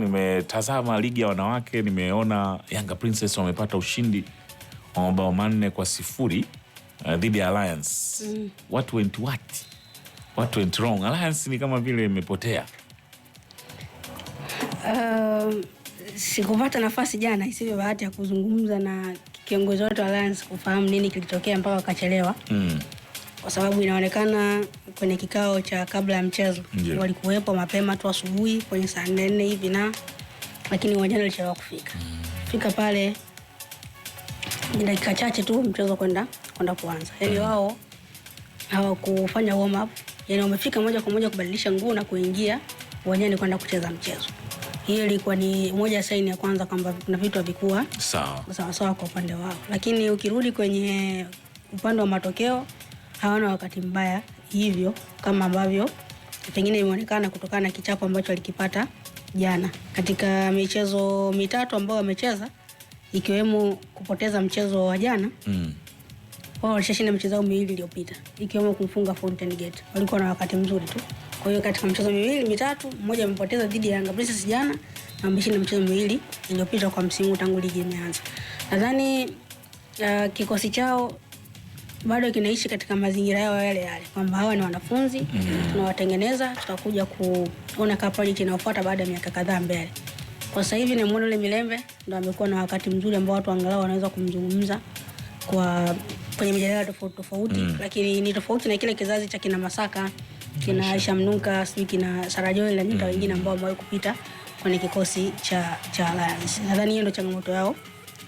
Nimetazama ligi ya wanawake, nimeona Yanga Princess wamepata ushindi wa mabao manne kwa sifuri eh, dhidi uh, ya Alliance mm. What went what? What went wrong? Alliance ni kama vile imepotea. Uh, sikupata nafasi jana, isivyo bahati ya kuzungumza na kiongozi wote wa Alliance kufahamu nini kilitokea mpaka wakachelewa mm kwa sababu inaonekana kwenye kikao cha kabla ya mchezo yeah. walikuwepo mapema tu asubuhi kwenye saa nne hivi na lakini uwanjani walichelewa kufika mm. fika pale ni dakika chache tu mchezo kwenda kwenda kuanza yani mm. wao hawakufanya warm up yani wamefika moja kwa moja kubadilisha nguo na kuingia uwanjani kwenda kucheza mchezo hiyo ilikuwa ni moja saini ya kwanza kwamba kuna vitu havikuwa sawa sawa kwa upande wao, lakini ukirudi kwenye upande wa matokeo hawana wakati mbaya hivyo kama ambavyo pengine imeonekana kutokana na kichapo ambacho alikipata jana katika michezo mitatu ambayo wamecheza ikiwemo kupoteza mchezo wa jana mm. wao walishashinda michezo yao miwili iliyopita ikiwemo kumfunga Fountain Gate. Walikuwa na wakati mzuri tu. Kwa hiyo katika michezo miwili mitatu, mmoja amepoteza dhidi ya Yanga Princess jana na ameshinda michezo miwili iliyopita kwa msimu tangu ligi imeanza. Nadhani uh, kikosi chao bado kinaishi katika mazingira yao yale yale, kwamba hawa ni wanafunzi mm. tunawatengeneza, tutakuja kuona kama project inayofuata baada ya miaka kadhaa mbele. Kwa sasa hivi ni mwana ule Milembe ndo amekuwa na wakati mzuri ambao watu angalau wanaweza kumzungumza kwa kwenye mijadala tofauti tofauti mm. lakini ni tofauti na kile kizazi cha kina Masaka kina Aisha Mnuka sijui kina Sarajoi na nyota mm. wengine ambao wamewahi kupita kwenye kikosi cha cha Alliance. Nadhani hiyo ndo changamoto yao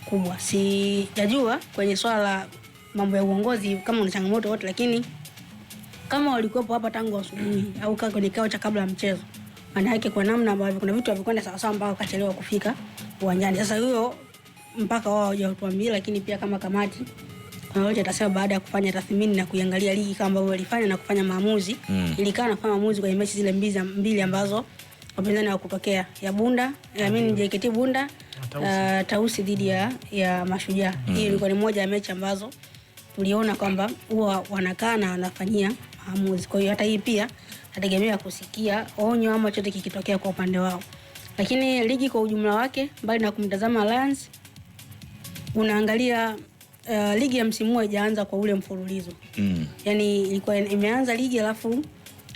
kubwa, sijajua kwenye swala la mambo ya uongozi kama una changamoto wote, lakini kama walikuwepo hapa tangu asubuhi au kwenye kikao cha kabla ya mchezo, maana yake kwa namna ambavyo kuna vitu havikwenda sawa sawa mpaka wakachelewa kufika uwanjani. Sasa hiyo mpaka wao hawajatuambia, lakini pia kama kamati wote atasema baada ya kufanya tathmini na kuiangalia ligi kama ambavyo walifanya na kufanya maamuzi mm. ilikaa na kufanya maamuzi kwenye mechi zile mbili, mbili ambazo wapinzani wa kutokea ya Bunda ya mimi JKT Bunda uh, Tausi dhidi ya, ya Mashujaa mm. hiyo ilikuwa ni moja ya mechi ambazo tuliona kwamba huwa wanakaa na wanafanyia maamuzi. Kwa hiyo hata hii pia nategemea kusikia onyo ama chote kikitokea kwa upande wao, lakini ligi kwa ujumla wake, mbali na kumtazama Lions, unaangalia uh, ligi ya msimu ijaanza haijaanza kwa ule mfululizo mm. Yani ilikuwa imeanza ligi alafu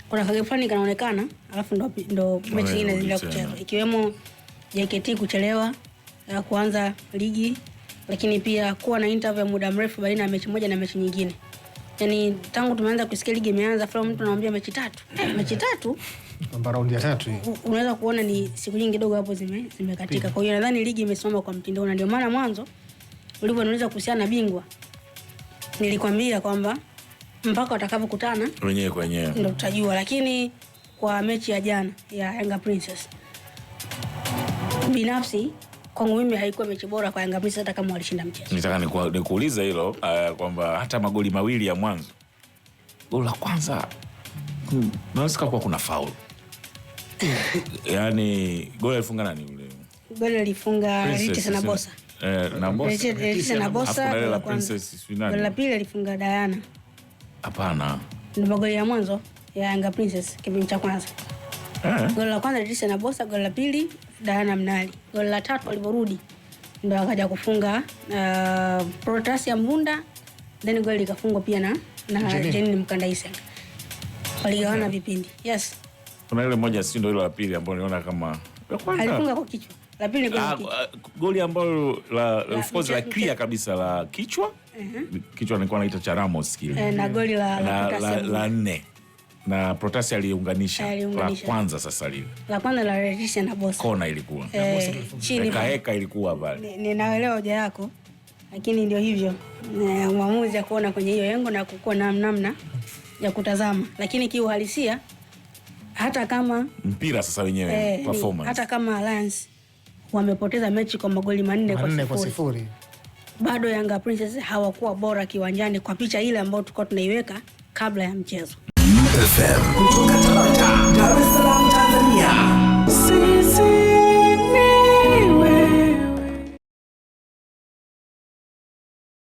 kuna kage fulani kanaonekana alafu ndo, ndo mechi nyingine zinaenda kuchezwa ikiwemo JKT kuchelewa uh, kuanza ligi lakini pia kuwa na interview muda mrefu baina ya mechi moja na mechi nyingine. Yaani tangu tumeanza kusikia ligi imeanza, fulani mtu anawaambia mechi tatu. Eh. Mechi tatu? Kwamba raundi ya tatu hii. Unaweza kuona ni siku nyingi kidogo hapo zime zimekatika. Kwa hiyo nadhani ligi imesimama kwa mtindo na ndio maana mwanzo ulivyoniuliza kuhusiana na bingwa nilikwambia kwamba mpaka watakavyokutana wenyewe kwa wenyewe ndio tutajua, lakini kwa mechi ya jana ya Yanga Princess binafsi kwangu mimi haikuwa mechi bora kwa Yanga Princess hata kama walishinda mchezo. Nitaka nikuuliza hilo uh, kwamba hata magoli mawili ya mwanzo, goli la kwanza hmm, naweza kuwa kuna faulu yani goli alifunga nani ule? Goli alifunga Ritis sana Bosa. Eh, na Bosa. Ritis na Bosa. Goli la Princess finali. Goli la pili alifunga Diana. Hapana. Ndio magoli ya mwanzo ya Yanga Princess kipindi cha kwanza. Eh. Goli la kwanza Ritis na Bosa, goli la pili Diana Mnali. Goli la tatu aliporudi ndo akaja kufunga uh, Protasi ya Mbunda, then goli likafungwa pia na na Jenny Mkandaisa. Waligawana vipindi. Yes. Kuna ile moja si ndio ile la pili ambayo niona kama alifunga kwa kichwa. La pili ni goli ah, uh, ambalo la of course la clear kabisa la kichwa. Uh -huh. Kichwa nilikuwa naita cha Ramos kile. Eh, na goli la la nne na Protasi aliunganisha la kwanza, sasa lile la kwanza la Leticia na bosi kona ilikuwa eh, na Chini. heka heka ilikuwa pale. Ninaelewa hoja yako, lakini ndio hivyo maamuzi eh, ya kuona kwenye hiyo yengo na kukua na namna ya kutazama, lakini kiuhalisia hata kama mpira sasa wenyewe eh, performance hata kama Alliance wamepoteza mechi kwa magoli manne kwa sifuri, kwa sifuri, bado Yanga Princess hawakuwa bora kiwanjani kwa picha ile ambayo tulikuwa tunaiweka kabla ya mchezo. FM.